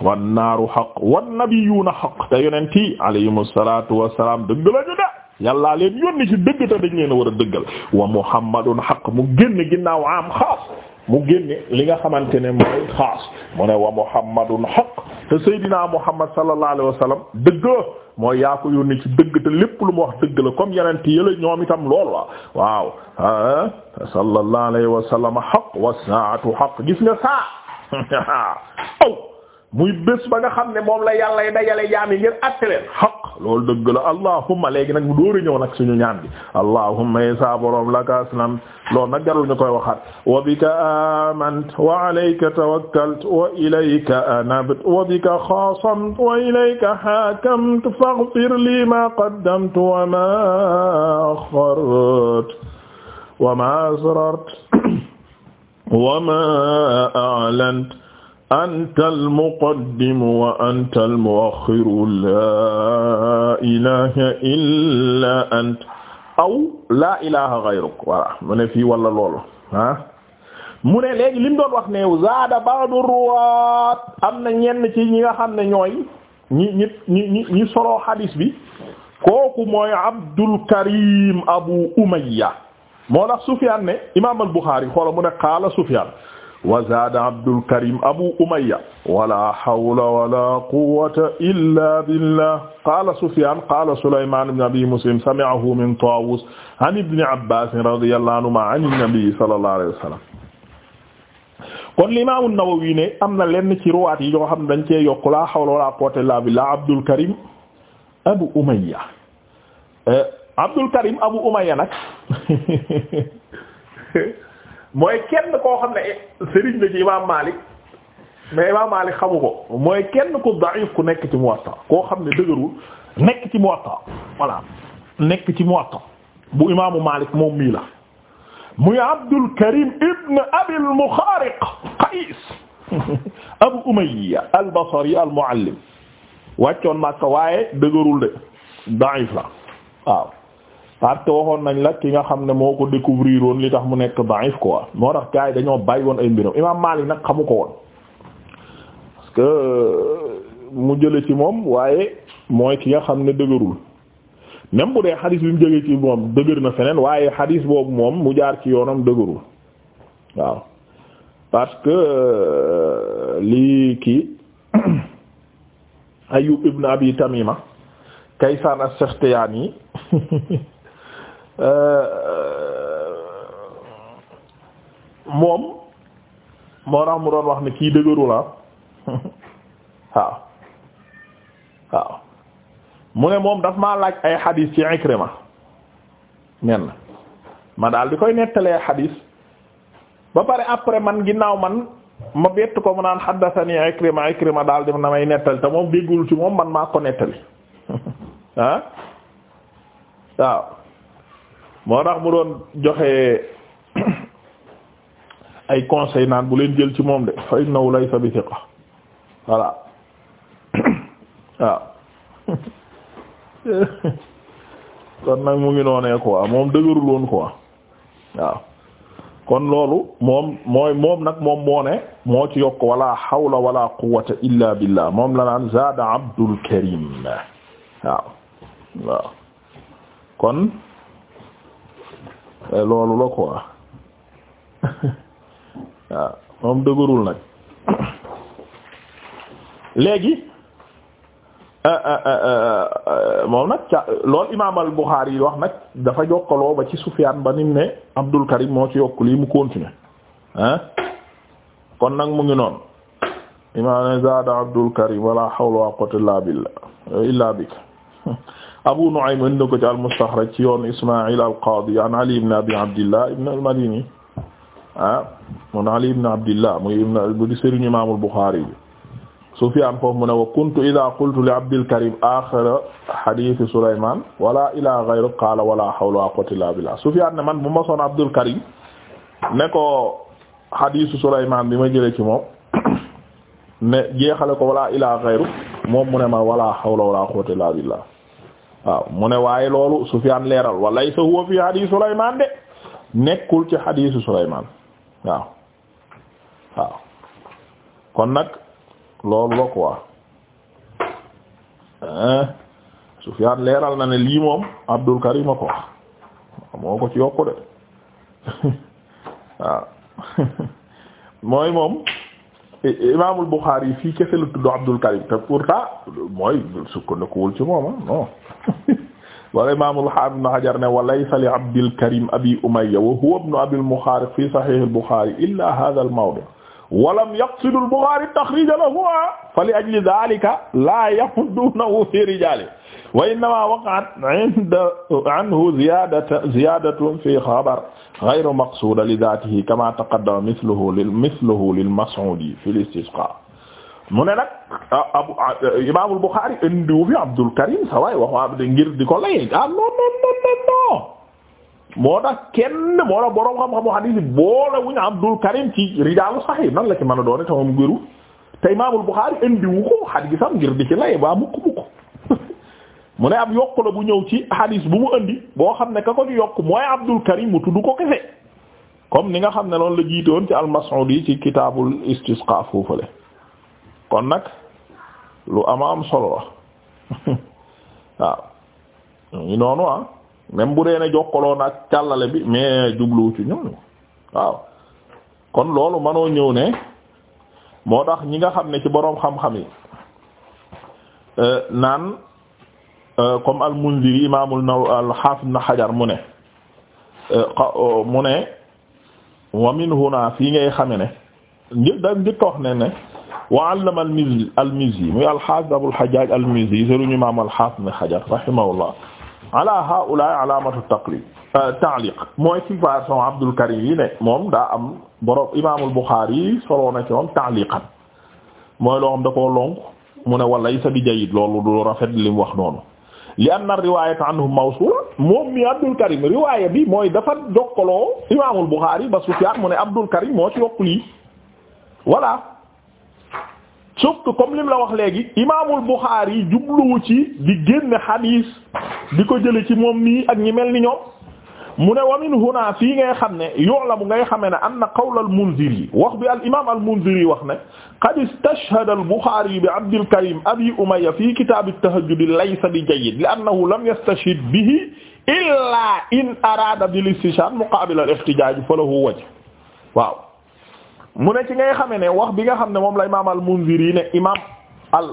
wannaaru xaq wannabiyuuna xaq te yonenti alayhimu salaatu wassalaam dëgg lañu de yàllaa leen yónni ci dëgg te dañ leen a war a dëggal wa muhammadun haq mu génn ginnaaw am xaas mu génne li nga xamante ne mooy xaas mu ne wa mu haq te seydinaa muhammad sallallahu alayhi wa sallam dëgg mooy yaa ko yónni ci dëgg lépp lu mu wax dëgg la comme yeneen yële ñoom itam lool la waaw ah sallallahu alayhi wa sallam haq gis nga saa aw muy bés ba nga xam ne moom la yàlla dajale jaam yi ngir àtte leen xaq loolu dëgg la allahumma léegi nag mu dóori ñëw nag suñu ñaan bi allahumma ya sa borom laka aslam loolu nag jarul ñu koy waxaat wa bika amant wa alayka tawakkalt wa ilayka anabt wa bika xaasamt wa ilayka xakamt faghfir li ma qaddamtu wa ma axart wa ma asrart wa ma a'lant anta almuqaddimu wa anta almuaxiru laa ilaha illa ant aw laa ilaha gayruk voilà mu ne fii wala loolu ah mu ne léegi li mu doon wax ne zaada ba'du ruwaat am na ñenn ci ñi nga xam ne ñooy ñi ñi ñi ñi soloo xadiis bi kooku mooy Abdul Karim Abu Umayya moo tax Sufyaan ne imaam al-Buxaari xoola mu ne qaala Sufyaan wa zaada Abdul Karim Abu Umayya wala hawla wala quwwata illa billah qaala Sufyaan qaala Sulaymaan ibn Abi Muslim sami'ahu min Taawus an ibni Abbaas radiyallahu anhumaa an nabi sallallahu alayhi wa sallam kon Imaam An-Nawawi ne am na lenn ci ruwaat yi yoo xam ne dañ cee yokk laa hawla wala quwwata illa billah Abdul Karim Abu Umayya eh, Abdul Karim Abu Umayya nag mooy kenn koo xam ne sëriñ la ci imaam Maalik mais imaam Maalik xamu ko mooy kenn ku da'if ku nekk ci Muwatta koo xam ne dëgërul nekk ci Muwatta voilà nekk ci Muwatta bu imaamu Maalik moom mii la muy Abdul Karim ibn Abil Mukhariq Qays Abu Umayya al-Basri al-Muallim wàccoon Makka waaye dëgërul de da'if la waaw parce que waxoon nañ la ki nga xam ne moo ko découvrir woon li tax mu nekk da'if quoi moo tax gars yi dañoo bàyyi woon ay mbiram imaam Maalik nag xamu ko woon parce que euh, mu jële ci moom waaye mooy ki nga xam ne dëgërul même bu dee xadis bi mu jógee ci moom dëgër na feneen waaye xadis boobu moom mu jaar ci yoonam dëgërul waaw parce que euh, lii kii Ayyub ibn Abi Tamima Kaysaan as-Sakhtiyani Euh, euh, moom moo tax mu doon wax ne kii dëgëru la waaw waaw mu ne moom daf maa laaj ay xadiis ci Ikrima nen ma daal di koy nettalee xadiis ba pare après man ginnaaw man ma bett ko mu naan xaddasani Ikrima Ikrima daal di na may nettali te moom déggul ci moom man maa ko nettali ah waaw moo tax mu doon joxe ay conseil naan bu leen jël ci moom de fa innahu laysa bi thiqa voilà waaw kon nag mu ngi noonee quoi moom dëgërul ko quoi waaw kon loolu moom moom nag moom moo ne moo ci yokk wala xawla wala quwwata illa billah moom la naan zaada abdul karim waaw waaw kon Euh, loolu la quoi waaw ah, moom dëgërul nag léegi euh, euh, moom nag ca loolu imaam al yi wax nag dafa jokkaloo ba ci Sufyaan ba nim ne Abdul Karim moo ci yokkul lii mu continuer ah kon nag mu ngi noonu imaam ne zaada Abdul Karim wala hawla wa quwwata illa billah illa bik Abu Nu'aym indi na ko ci al-Mustaxraj ci yoon Ismaa'il al-Qaadi an Ali ibn Abi Abdillah ibn al-Madini ah mun Ali ibn Abdillah muy bu di sëriñ Imaam al-Buxaari bi Sufyaan foofu mu ne wa kuntu idaa qultu li Abdil Karim aaxira hadiisi Sulaymaan wala ilaa ghayri qaala wala hawla wala quwwata illaa billaah Sufyaan ne man bu ma sonn Abdul Karim ne ko hadiisu Sulaymaan bi ma jëlee ci moom ne jeexale ko wala ilaa ghayri moom mu ne ma wala hawla wala quwwata illaa billaah waaw mu ne waaye loolu Sufyaan leeral wa laysa huwa fi hadith Sulaymaan de nekkul ci hadith Sulaymaan waaw waaw kon nag loolu la quoi Sufyaan leeral na ne lii moom Abdul Karim a ko moo ko ci yokku de waaw mooy moom Imaamul Buxaari fii kese la tudd Abdul Karim te pourtant mooy sukkandikuwul ci moom ah wala imam al-Hafiz Ibn Hajar ne wa laysa li Abdil Karim Abi Umayya wa huwa ibn Abi al-Mukhariq fi sahih al-Bukhari illa hadha al-mawdi' wa lam yaqsid al-Bukhari at-takhrij lahu fa li ajli dhalika la yahuddunahu fi rijalihi wa innama waqa'at 'inda 'anhu ziyadatan ziyadatun fi khabar ghayru maqsuda li dhatihi kama taqaddama mithluhu lil mithluhu lil Mas'udi fi al-istisqa mu ne nag ah, abu ah, eh, imaamul Buxaari indiwu fi Abdul Karim sa waay waxu ngir di ko lay ah non moo tax kenn moo la boroom xam-xamu hadiis boole wuñu Abdul Karim ci rijaalu Sahih nan la ci mën a doone tamam gëru te imaamul Buxaari indiwu ko hadiisam ngir di ci lay ba mukk mukk mu ne am yokk la bu ñëw ci hadiis bu mu indi boo xam ne ka ko ci yokk mooy Abdul Karim mu tudd ko kese comme ni nga xam ne loolu la jiitoon ci al-Mas'udi ci kitaabul istisqaa kon nag lu ama am solo la waaw ñu noonu ah même bu dee ne jokkaloon ak càllale bi mais jubluwu ci ñooñu waaw kon loolu mënoo ñëw ne moo tax ñi nga xam ne ci boroom xam-xam yi euh, naan euh, comme al-Munziri imaamul naw al-Hafiz Ibn Hajar mu ne euh, mu ne wa min huna fii ngay xame ne ngir da ngir toox ne ne wa allama al-Mizzi al-Mizzi muy al-Hafiz Abul Hajjaj al-Mizzi sëriñ imam al-Hafiz Ibn Hajar rahimahullah ala haula alamatu taqlib euh, ta'liq mooy ci façon Abdul Karim yi ne moom daa am borom imaamul Bukhari yi soloo na ci moom ta'liqan mooy loo xam da koo lonk mu ne walaysa bi jayyid loolu du rafet li mu wax noonu li anna riwayata anhu mawsula moom mi Abdul Karim riwaaya bi mooy dafa jokkaloo imaamul Bukhari ba Sufyan mu ne Abdul Karim moo ci yokk lii voilà sauf que comme lim la wax léegi imaamul Buxaari jubluwu ci di génne xadiis di ko jële ci moom nii ak ñi mel ni ño mu ne wamin huna fii ngay xam ne yu'lamu ngay xamee ne anna qawla al-Munziri wax bi al imaam al-Munziri wax ne qad istashhada al-Buxaari bi Abdil Karim Abi Umayya fi kitaab at-tahajjud laysa bi jayyid li'annahu lam yastashhid bihi illa in araada bil istishhaad muqaabil al-ihtijaj falahu wajh waaw mu ne ci ngay xame ne wax bi nga xam ne moom la imaam al yi ne imaam al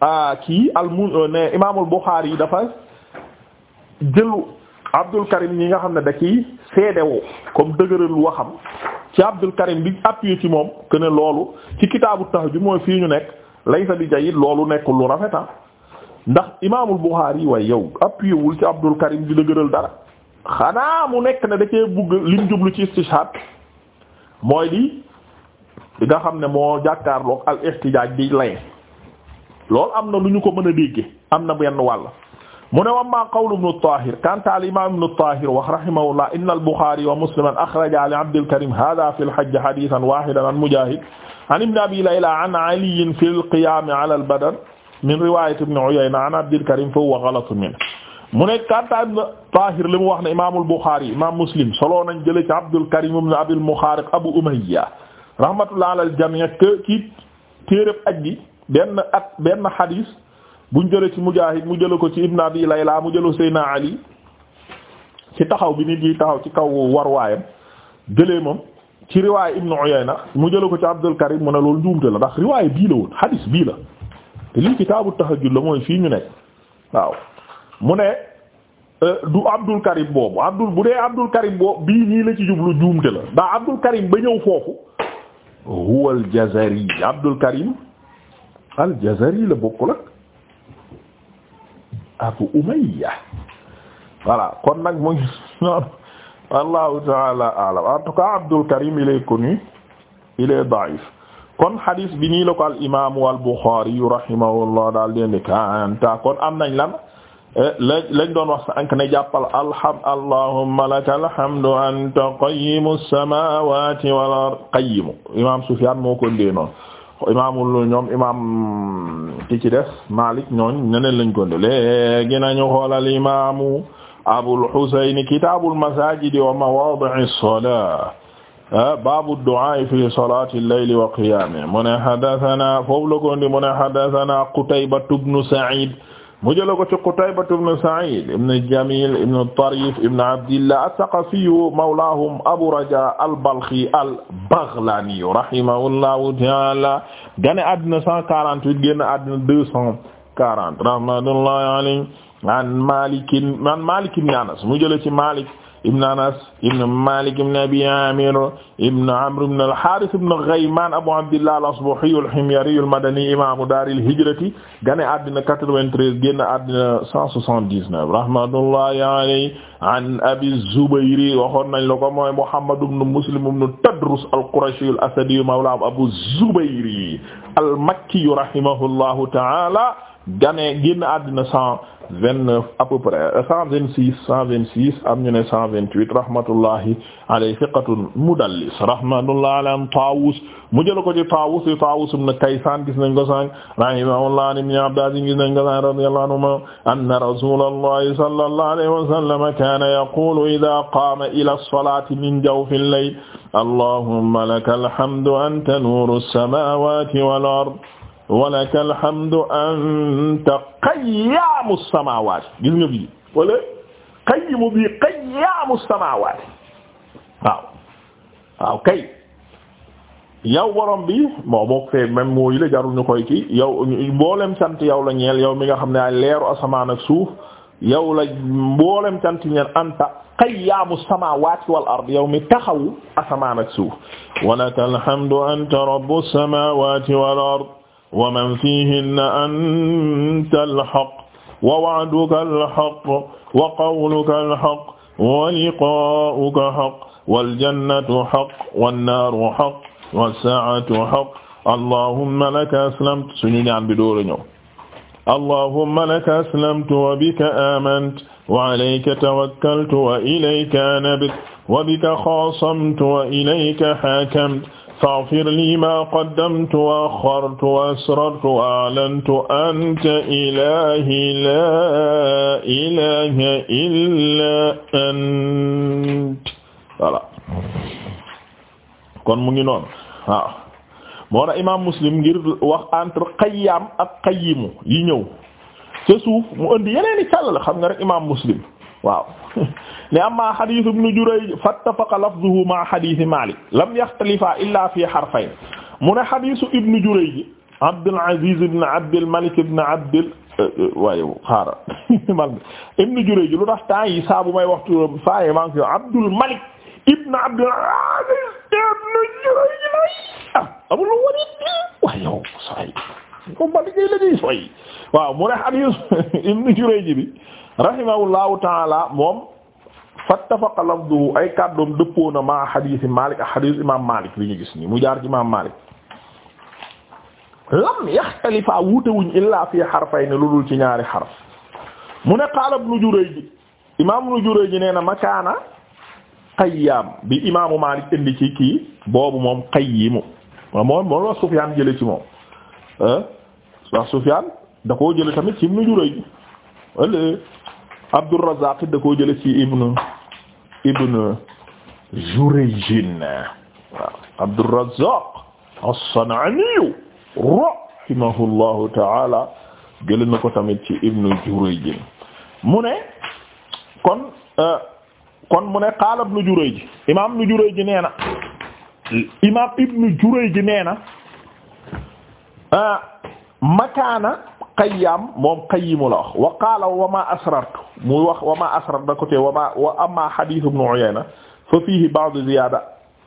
ah, kii al mun euh, ne imaamul Buxaari yi dafa jëlu Abdul Karim ñi nga xam ne da ciy seedewoo comme dëgëral waxam ci Abdul Karim bi appuyé ci moom que loolu ci kitaabu tahajjud mooy fii ñu nekk laysa bi jayyid loolu nekkul lu rafet ah. ndax imaamul Buxaari yi waaye yow appuyé wul ci Abdul Karim di dëgëral dara xanaa mu nekk ne da bugg lim jublu ci istishhad mooy di. bi nga xam ne moo jàkkaarloog al ihtijaaj bi lay loolu am na lu ñu ko mën a dégge am na benn wàll mu ne wamma qawlu ibnu Taahir kaana al imaam ibnu Taahir wax rahimahullah inna al Buxaari wa Musliman axraja li Abdil Karim haaza fil hajji hadiisan waahidan an Mujaahid an ibni Abii Laylaa an Aliyyin fil qiyaami alal badr min riwaayati ibni Uyayna an Abdil Karim fa huwa galatun minhu mu ne kaana ibnu Taahir li mu wax ne imaamul Buxaari imaam Muslim solo nañ jëlee ci Abdul Karim ibnu Abil Muxaariq Abu Umayya rahmatullah alal jamii que kii téeréb aj gi benn at benn xadiis buñ jële ci Mujaahid mu jële ko ci Ibn Abi Layla mu jële Seyna Ali ci taxaw bi nit yi taxaw ci kaw war waayam jëlee moom ci riwaay Ibn Uyayna mu jële ko ci Abdul Karim mu ne loolu njuumte la ndax riwaay bii la woon xadiis bii la te lii kitaabu tahajjud la mooy fii ñu nekk waaw mu ne euh, du Abdul Karim boobu Abdul bu dee Abdul Karim boobu bii nii la ci jublu njuumte la ndax Abdul Karim ba ñëw foofu huwa al-Jazari Abdul Karim al-Jazari la bokkul ak Abu Umayya voilà kon nag mu ngi noonu wallahu ta'ala a'lam en tout cas Abdul Karim il est connu il est da'if kon hadith bi nii la ko al imaamu al Bukhari rahimahullah daal di indi kon am nañ lan. Eh, la lañ doon wax sànq ne jàppal alham allahumma lakal hamdu anta qayyimu samawati wal ard qayyimu imam Sufyaan moo ko ndee noonu imaamul ñoom imam ki ci des Maalik ñooñ ñeneen lañ ko ndee léegi nañu xoolal imaamu Abul Husayn kitaabul masaajidi wa mawaadi'i salaa eh, baabu du'aa fi salaati al-layli wa qiyaamihi mu ne haddasanaa foofu la ko ndee mu ne haddasanaa Qutayba ibnu Sa'iid mu jëla ko ci Qutaybatu ibn Sa'id ibn Jamil ibn Tarif ibn Abdillah at-Thaqafi mawlahum Abu Raja al-Balkhi al-Baghlani rahimahullahu ta'ala gane àddina 148 génn àddina 240 rahmatullahi alayhi an Malik an Malik ibn Anas mu jëla ci Malik ibn Anas ibn Malik ibn Abi Amir ibn Amr ibn al-Harith ibn Ghayman Abu Abdillah al-Asbahi al-Himyari al-Madani imamu dar al-hijrati gane addina 93 génn addina 179 rahmatullahi alayhi an Abi Zubayr waxoon nañ la ko mooy Muhammad ibn Muslim ibn Tadrus al-Qurashi al-Asadi mawla Abu Zubayr al-Makki rahimahullahu ta'ala gane génn addina 100 vingt-neuf à peu près cent vingt-six cent vingt-six am ñu ne cent vingt-huit rahmatullahi alayhi thiqatun mudallis rahmatullahi alayhi Taawus mu jël ko ci Taawus yi Taawus ibn Kaysaan gis nañ ko sànq rahimahullah an ibn Abbaas gis nañ ko sànq radiyallahu anhuma anna rasulallahi sallallahu alayhi wa sallam kaana yaqulu idaa qaama ilaa salaati min jawfil layl allahumma lakal hamdu anta nuuru samaawaati wal ard walaka alhamdu anta qayyaamu samaawaati gis nga bii wala qayyimu bii qayyaamu samaawaati waaw waaw kay yow borom bi moo bokk fee même mooy la jarul ñu koy kii yow mboolem sant yow la ñeel yow mi nga xam ne ay leeru asamaan ak suuf yow la mboolem sant ñeel anta qayyaamu samaawaati wal ard yow mi taxawu asamaan ak suuf walaka alhamdu anta rabbu samaawaati wal ard wa man fiihinna anta alhaq wa wa'duka alhaq wa qawluka alhaq wa liqaa'uka haq wal jannatu haq wan naaru haq was-saa'atu haq allahumma laka aslamtu suñu ñaan bi dooru ñëw allahumma laka aslamtu wa bika aamantu wa alayka tawakkaltu wa ilayka anabtu wa bika xaasamtu wa ilayka haakamtu faghfir lii maa qaddamtu wa axxartu wa asrartu wa a'lantu anta ilaahii laa ilaaha illaa anta kon mu ngi noon waaw moo imaam Muslim ngir wax entre qayyaam ak qayyimu yi ñëw ca suuf mu indi yeneen i la xam nga imaam Muslim waaw ne amma hadith ibn Jurayj fattafaqa lafzuhu ma hadith Malik lam yaxtalifa illa fi harfayn mu ne hadithu ibn Jurayj Abdul Aziz ibn Abdul Malik ibn Abdul euh, euh, waaye xaaral man ibn Jurayj lu tax temps yi saa bu may waxtu faaye maa ngi fi Abdul Malik ibn Abdul Aziz ibn Jurayj ah amul woon it waaye yow sooy moom Malik ngay liggéey sooy waaw mu ne hadith ibn Jurayj bi rahimahullahu ta'ala moom. fattafaqa lafdu ay kàddoom dëppoo na ma xadiisi Maalik ak xadiis imaam Maalik li ñu gis ni mu jaar ci imaam Maalik lam yaxtalifa wuutewuñ illaa fi xarfay ne lu dul ci ñaari xarf mu ne qaala Ibnu Jurayj imaam Ibnu Jurayj nee na makaana qayyaam bi imaamu Maalik indi ci kii boobu moom qayyimu moom moom la Sufyaan jële ci moom eh? wax Sufyaan da koo jële tamit ci Ibnu Jurayj walla Abdurrazaaq da jële ci Ibnu ibn Jurayjin waaw Abdurrazzaq as-San'ani rahimahullahu ta'ala jël na ko tamit ci ibn Jurayjin mu ne kon euh, kon mu ne qaala ibn Jurayj imaam ibn Jurayj nee na imaam ibn Jurayj nee na euh, makaana qayyam moom qayyimu la wax wa qaala wa ma asrartu muy wax wa ma asrartu da côté wa ma wa amma hadith ibn Uyayna fa fihi ba'd ziyada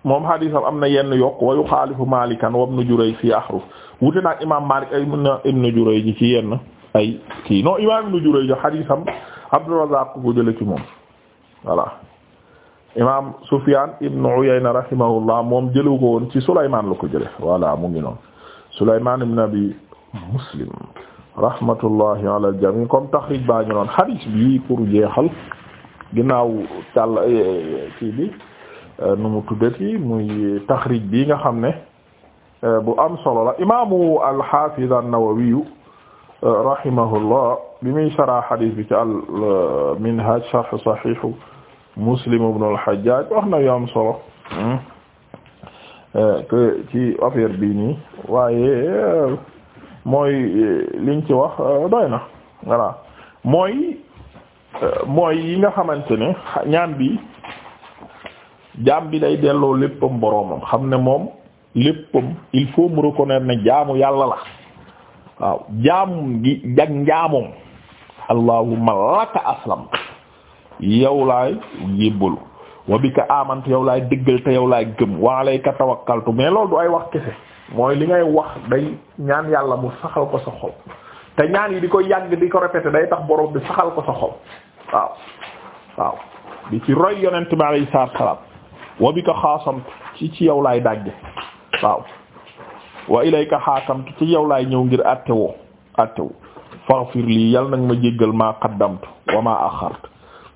moom hadith am na yenn yokk wa yuxaalifu Malikan wa ibn Jurayj fi ahruf wute naag imam Malik ay mën na ibn Jurayj ci yenn ay kii non imam ibn Jurayj hadith am Abdurrazzaq ko jële ci moom voilà imam Sufyan ibn Uyayna rahimahullah moom jëlu ko woon ci Sulaymaan la ko jële voilà mu ngi noonu Sulaymaan ibn Abi Muslim rahmatullahi ala aljamii comme taxrij baa ñu noon hadis bi pour jeexal ginnaaw tàll eh, eh, nu mu tuddati muy taxrij bi nga xam ne eh, bu am solo la imaamu al-Hafiz an-Nawawi rahimahullah bi muy sara hadis bi ci al-Minhaj sharh Muslim ibn al-Hajjaj wax na yu solo hmm, ci affaire bi nii waaye mooy euh, liñ ci wax euh, doy na voilà mooy euh, mooy yi nga xamante ne ñaan bi jaam bi day delloo léppam boroomam xam ne moom léppam il faut mu reconnaître ne jaamu yàlla la waaw jaamum gi jag njaamom allahumma laka aslam yow laay yébbalu wa bika amant yow laay dëggal te yow laay gëm wa alayka tawakkaltu mais loolu du ay wax kese mooy li ngay wax day ñaan yàlla mu saxal ko sa xol te ñaan yi di ko yàgg di ko répéter day tax borom bi saxal ko sa xol waaw waaw di ci roy yonent bi alayhi salaatu wa salaam wa bika xaasamtu ci ci yow laay dàgge waaw wa ilayka xaakamtu ci yow laay ñëw ngir àtte woo àtte woo lii yal nag ma jéggal maa qaddamtu wa maa axartu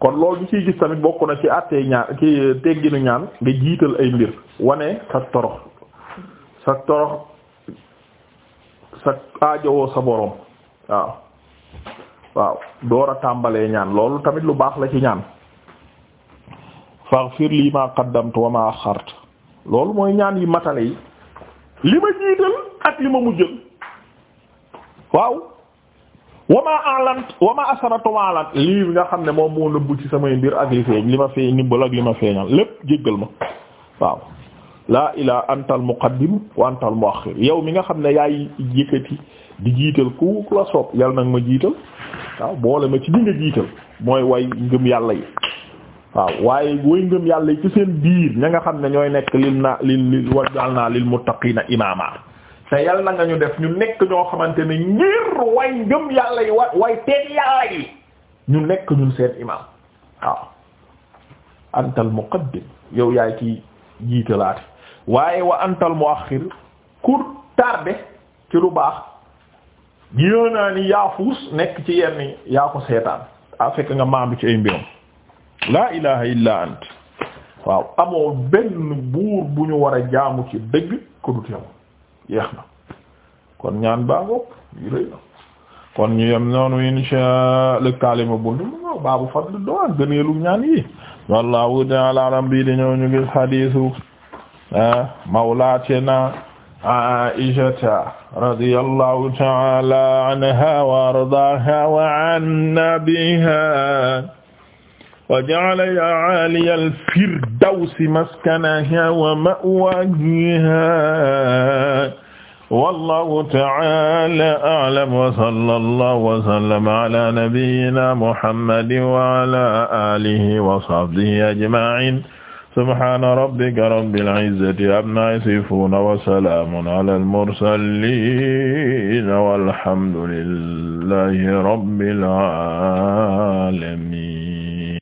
kon loolu ñu ciy gis tamit bokk na ci àttee ñaan ci tegginu ñaan nga jiital ay mbir wane sa torox sa torox sa aajowoo sa borom waaw waaw door a tàmbalee ñaan loolu tamit lu baax la ci ñaan faghfir lii ma qaddamtu ma axxartu loolu mooy ñaan yi matale yi li ma jiital ak li ma mujjal waaw wama alant wama asaratu ma lii nga xam ne moom moo nëbbu ci samay mbir ak li feeñ li ma feeñ nibbal ak li ma feeñal lépp jéggal ma waaw laa ilaa antal muqaddim wa antal muaxir yow mi nga xam ne yaay yëkkati di jiital ku la soob yal nag ma jiital waaw boole ma ci li nga jiital mooy way ngëm yàlla yi waaw waaye way ngëm yàlla yi ci seen biir ña nga xam ne ñooy nekk lil na lil lil wajal naa lil muttaqina imaama te yàlla na nga ñu def ñu nekk ñoo xamante ne ngir way ngëm yàlla yi wa way teeg yàlla yi ñu nekk ñun seen imaam waaw antal muqaddim yow yaay ci jiitalaate waaye wa antal muaxir ku tardé ci lu baax ginoo naa ni yaa nekk ci yenn yaa ko seetaan a ah, fekk nga maandu ci ay mbiram laa ilaha illa ant waaw amoo benn buur bu ñu war a jaamu ci dëgg ko dut yow jeex na kon ñaan baa ngoog yu rëy na kon ñu yem noonu insha Allah mu ñëw baabu fadlu du'a gëneelu ñaan yi wallahu ta'ala alam bi di ñëw ñu gis hadisu ah, mawlatina Aisha radiyallahu ta'ala anha wa ardaha nabiha wa ja'ala ya'aliya al-firdawsi maskanaha wa ma'waha wallahu ta'ala a'lam wa sallallahu wa sallama ala nabiyyina muhammadin wa ala alihi wa sahbihi ajma'in subhana rabbika rabbil izzati amma yasifun wa salamun ala al-mursalin walhamdulillahi rabbil alamin